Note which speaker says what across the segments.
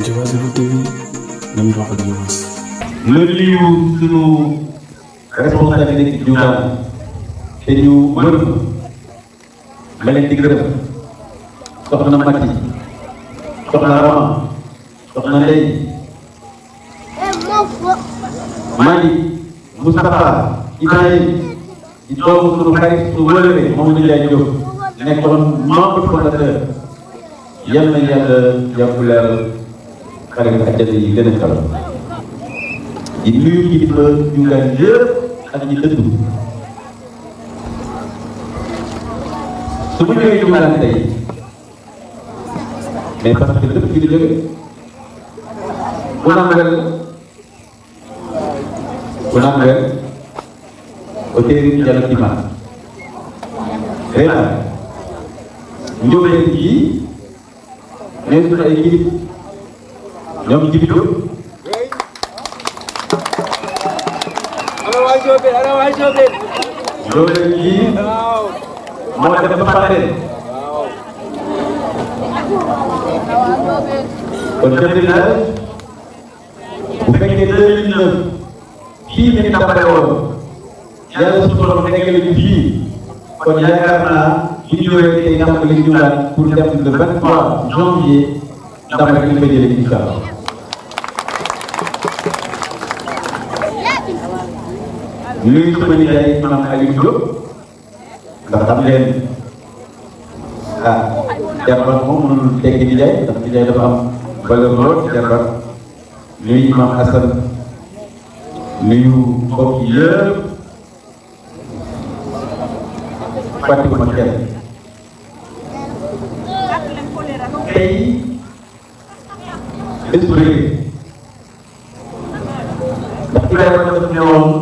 Speaker 1: Ndiobas Info TV nañu wax ak Ndiobas. ma nuyu suñu responsabilité bi ñu naan te ñu mën ma leen di gërëm soxna Mati soxna Rama soxna Ndeye Mali Moustapha Ibrahima. di doom suñu xarit su wëlëwee moom ñu lay jóg nekkoon membre fondateur yal na yàlla jàpp leeral xarit àjjana yi gën a kaw di nuyu ñi ma juugaan itu, ak ñi dëddu kita ma ñëwee juugaan tey mais parce que dëkk bi di jóge ku na mel ku na mel au téere ñu jàll ci ma vraiment ñoom Djibi Diop loolu lii moo def ba Fapal kon defe naa bu fekkee 2009 fii ñu tàmbale woon yàlla suñu borom nekkale ñu fii kon yaakaar naa bu ñu ñëwee tey ndàmpa li ñu naan pour dem le 23 janvier ndàmpa li ñu koy jëlee incha allah luy xëy na jaay maam Aliou Diop ndax xam leen ah jarbaat moom mënul teggi di jaay ndax di jaay dafa am valeur lool jarbaat nuyu maam Assane nuyu mbokk yëpp fàttiku ma kenn tey bés bu rëy ndax ci jarbaat dafa ne woon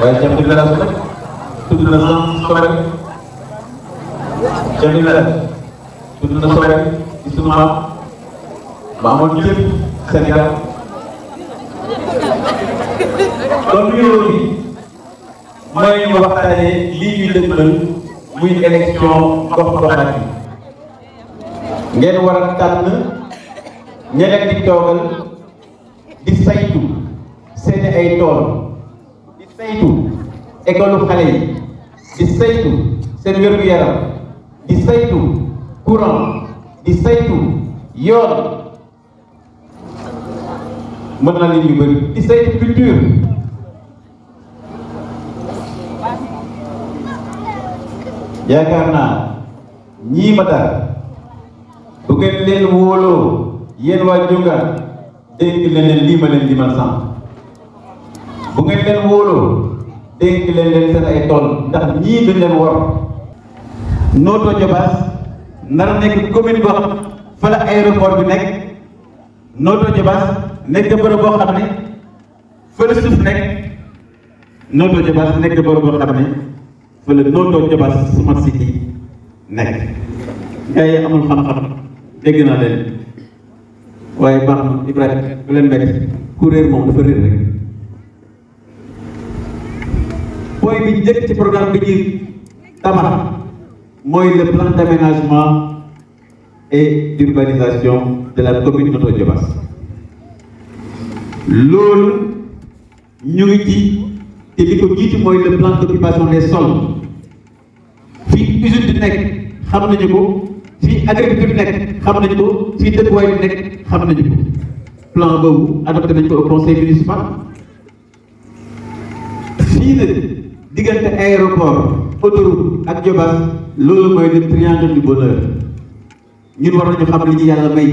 Speaker 1: waaye chef de village bi nag tudd na Sobel chef ci sunu maam ma Sénégal kon bureau bi mooy ñu waxtaanee lii ñuy dëgmal muy élection gox-goxaat ngeen war a tànn ñeneen di toogal di saytu seen ay tool. saytu école xale di saytu seni wérgu yaram di saytu courant di saytu yoon mën na leen kultur ya di saytu culture yaakaar naa ñii ma dara bu ngeen leen wóoloo yéen waa dégg leen ma leen di man sant bu ngeen leen wóoloo dénk leen leen seen ay tool ndax ñii duñ leen wor Notto Diobass nar nekk commune boo xam fa la aéroport bi nekk Notto Diobass nekk bërëb boo xam ne fële suuf nekk Notto Diobass nekk bërëb boo xam ne fële Notto Diobass Smart City nekk gars yi amul xam-xam dégg naa leen waaye baax na Ibrahima bu leen bett ku réer dafa rek point bi ñu ci programme bi ñuy tabax mooy le plan d'aménagement et d'urbanisation de la commune de Diobass loolu ñu ngi ci te li ko jiitu mooy le plan d'occupation des sols fii usine di nekk xam nañu ko fii agriculture nekk xam nañu ko fii dëkkuwaay bi nekk xam nañu ko plan boobu adopté nañ ko au conseil municipal fii nag diggante aéroport autoroute ak Diobass loolu mooy le triangle du bonheur ñun war nañu xam li ñu yàlla may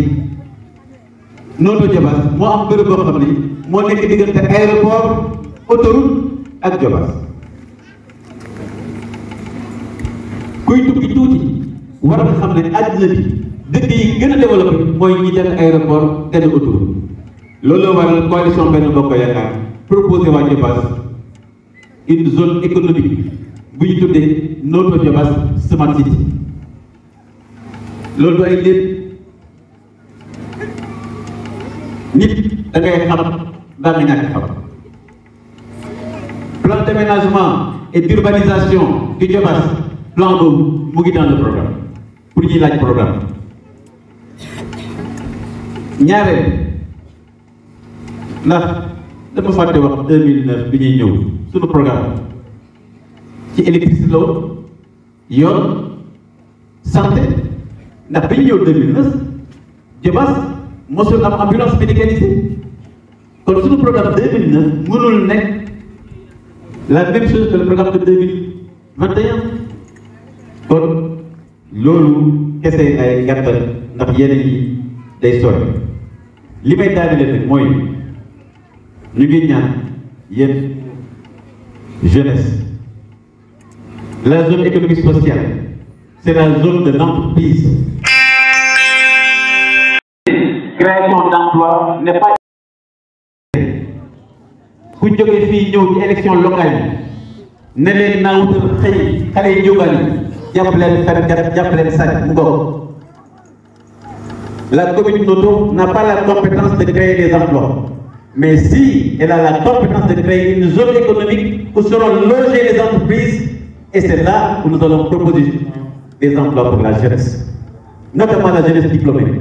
Speaker 1: Notto Diobass moo am bërëb boo xam ne moo nekk diggante aéroport autoroute ak Diobass kuy tukki tuuti war nga xam ne àddina bi dëkk yi gën a développé mooy ñi dem aéroport te autoroute loolu la waral une zone économique bu ñu tuddee notre Diobass Smart City loolu ay lépp nit da ngay xam mbaa nga ñàkk plan d'aménagement et d'urbanisation du Diobass plan d'eau, mu ngi dans le programme pour ñuy le programme N'y a rien. dama fàtte wax 2009 bi ñuy ñëw suñu programme ci électricité la woon yoon santé ndax bi ñu ñëw 2009 Diobass mosul am ambulance médicalisée kon suñu programme 2009 mënul nekk la même chose que le programme de 2021 kon loolu kese ay gàttal ndax yeneen yi day sori li may daaneel mooy. ñu jeunesse la zone économique sociale c'est la zone de l'entreprise création d'emplois n'est pas élection locale la commune n'a pas la compétence de créer des emplois mais si elle a la compétence de créer une zone économique où seront logées les entreprises, et c'est là où nous allons proposer des emplois pour la jeunesse, notamment la jeunesse diplômée.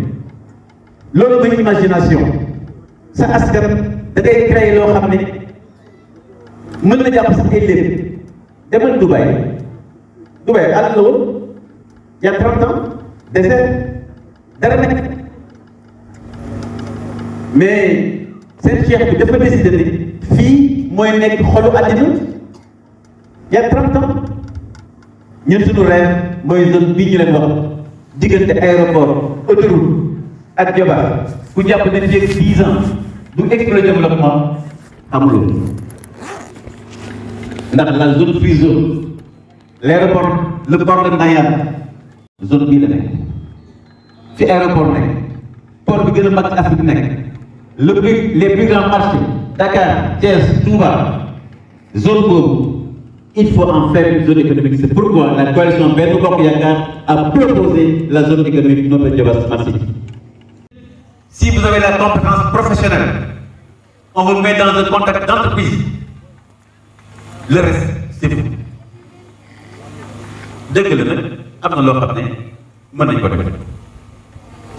Speaker 1: L'homme de l'imagination, ça a créé créer leur famille, Nous ne pas élèves. Demain, Dubaï. Dubaï, à l'eau, il y a 30 ans, désert, dernier. Mais seen cheikh bi dafa décidé ni fii mooy nekk xolu àddina y a 30 ans ñun suñu rêve mooy zone bii ñu leen wax diggante aéroport autoroute ak Joba ku jàpp ne fii ak 10 ans du exploité développement amuloo la zone free zone l' aéroport le port de Ndayane zone la nekk fi aéroport nekk port bi gën a le plus, les plus grands marchés, Dakar, Thiès, Touba, Zongo, il faut en faire une zone économique. C'est pourquoi la coalition Beno Yakar a proposé la zone économique notre massive. Si vous avez la compétence professionnelle, on vous met dans un contact d'entreprise. Le reste, c'est vous. Dès que le nez, après le faire.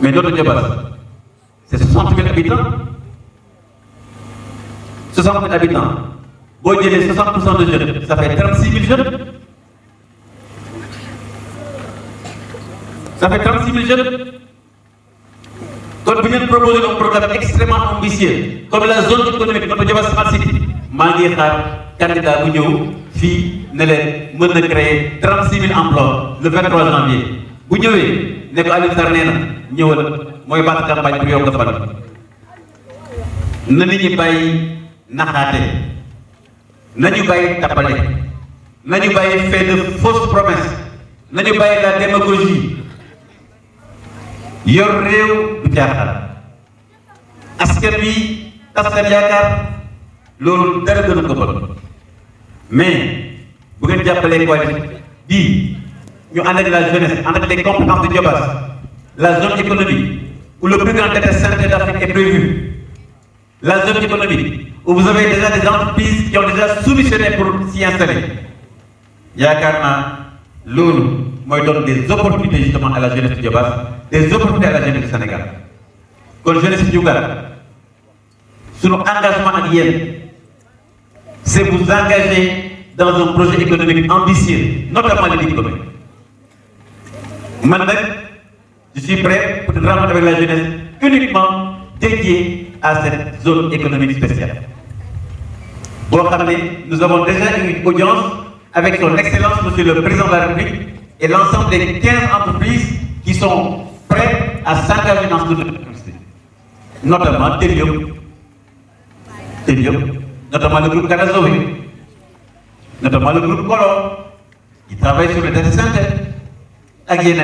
Speaker 1: Mais notre débat, c'est 60 000 habitants 60 000 habitants Vous les 60% de jeunes ça fait 36 000 jeunes ça fait 36 000 jeunes Quand vous proposez un programme extrêmement ambitieux comme la zone économique de Diobass Smart City Malgré ça, le candidat bu ñëw 36 000 emplois le 23 janvier Vous ñëwee ne pas Alioune Sarr mooy baat campagne bu yokk fan na nit ñi bàyyi naxaate nañu bàyyi tappale nañu bàyyi fait de fausse promesse nañu bàyyi la démagogie yor réew bu caaxaan askan wi tas seen yaakaar loolu dara ko bëgg mais bu jàppalee coalition bii ñu ànd ak la jeunesse ànd ak les compétences de Diobass la zone économique où le plus grand délai santé d'Afrique est prévu, la zone économique, où vous avez déjà des entreprises qui ont déjà soumissionné pour s'y installer. Yakarna, l'ONU, moi donne des opportunités justement à la jeunesse du Bas, des opportunités à la jeunesse du Sénégal. Quand jeunesse du Sénégal, sur à annuel, c'est vous engager dans un projet économique ambitieux, notamment les diplôme. Maintenant, je suis prêt pour rendre avec la jeunesse uniquement dédiée à cette zone économique spéciale. Bon, nous avons déjà eu une audience avec son excellence, monsieur le président de la République, et l'ensemble des 15 entreprises qui sont prêtes à s'engager dans ce domaine. Notamment Telium, notamment le groupe Kanazoé, notamment le groupe Colomb, qui travaille sur le data center, à et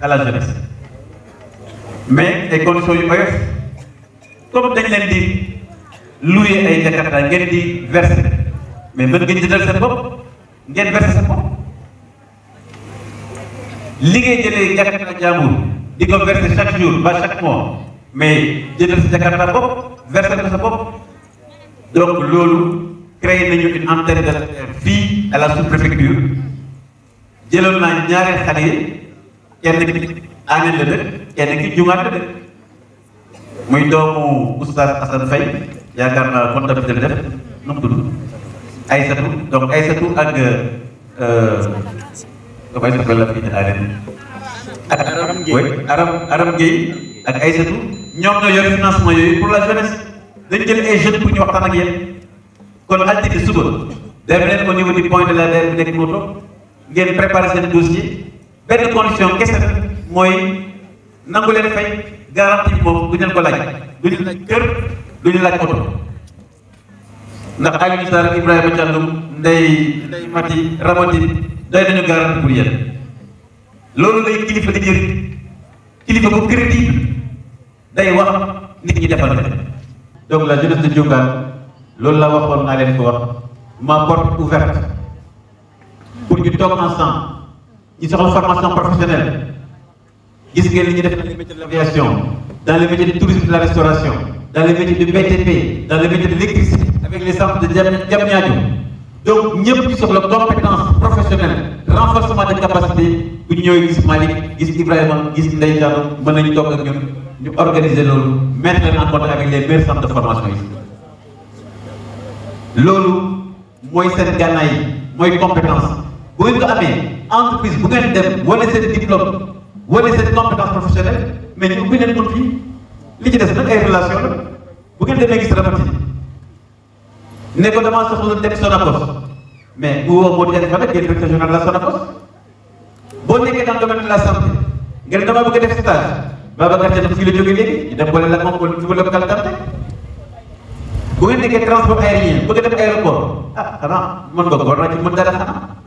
Speaker 1: à mais ay conditions yu oyof comme dañ leen di louer ay jakarta ngeen di verser mais mën ngeen jëndal seen bopp ngeen verser seen bopp li ngay jëlee jakarta jàmbur di ko verser chaque ba chaque mois mais jëndal sa jakarta bopp verser ko sa bopp donc loolu créé nañu une antenne la fii à la sous-préfecture jëloon naa ñaareel xale kenn ki aane la dëkk kenn ki jumaat la dëkk muy doomu Oustaz Assane Faye yaakaar naa comptabilité la def nu mu tudd Aysatu donc Aysatu ak eh, donc Aysatu la fi aane ak Aram Gueye Aram Aram Gueye ak Aysatu ñoom ñoo yor financement yooyu pour la jeunesse dañ jël ay jeunes pour ñu waxtaan ak yéen kon altine suba dem leen au niveau du point de la DER bi nekk Notto ngeen préparé seen dossier benn condition kese mooy nangu leen fay garantie bi moom du ñu leen ko laaj du ñu laaj kër du ñu laaj oto ndax Alioune Sarr Ibrahima Thiandoum Ndeye Ndeye Mati Ramati doy nañu garantie pour yéen loolu lay kilifa di jëriñ kilifa ko crédit day wax nit ñi defal ko donc la jeunesse de Diourbel loolu la waxoon naa leen ko wax ma porte ouverte pour ñu toog ensemble ils seront en formation professionnelle Ils ngeen dans les métiers de l'aviation dans les métiers du tourisme et de la restauration dans les métiers du BTP dans les métiers de l'électricité avec les centres de Diamniadio donc nous sur une compétence professionnelle renforcement des capacités pour nous gis organiser mettre en contact avec les meilleurs centres de formation Lolo, moi c'est moi compétence vous avez. entreprise bu ngeen dem wane seen diplôme wane seen compétence professionnelle mais ñu ubbi leen bunt yi li ci des nag ay relation la bu ngeen demee gis Ramati ne ko damaa soxla dem Sonacos mais bu woo boo jëlee fa nag directeur général la Sonacos boo nekkee dans le domaine de la santé ngeen damaa bëgg a def stage Babacar Diagne fii la jógee léegi ñu dem boole la moom ci wàllu kàllaante bu ngeen nekkee transport aérien bëgg a dem aéroport ah xanaa mën nga góor naa ci mën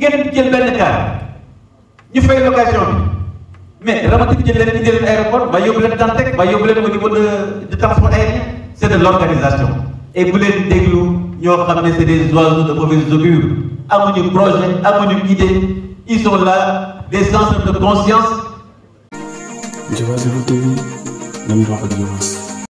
Speaker 1: ngeen jël benn car ñu fay location bi mais ramatik jël leen indi leen aéroport ba yóbbu leen Dantec ba yóbbu leen au niveau de de transport aérien c' est de l' organisation et bu leen déglu ñoo xam ne c' est des oiseaux de province de augure amuñu projet amuñu idée ils sont là des centres de conscience. wax Ndiébassirou TV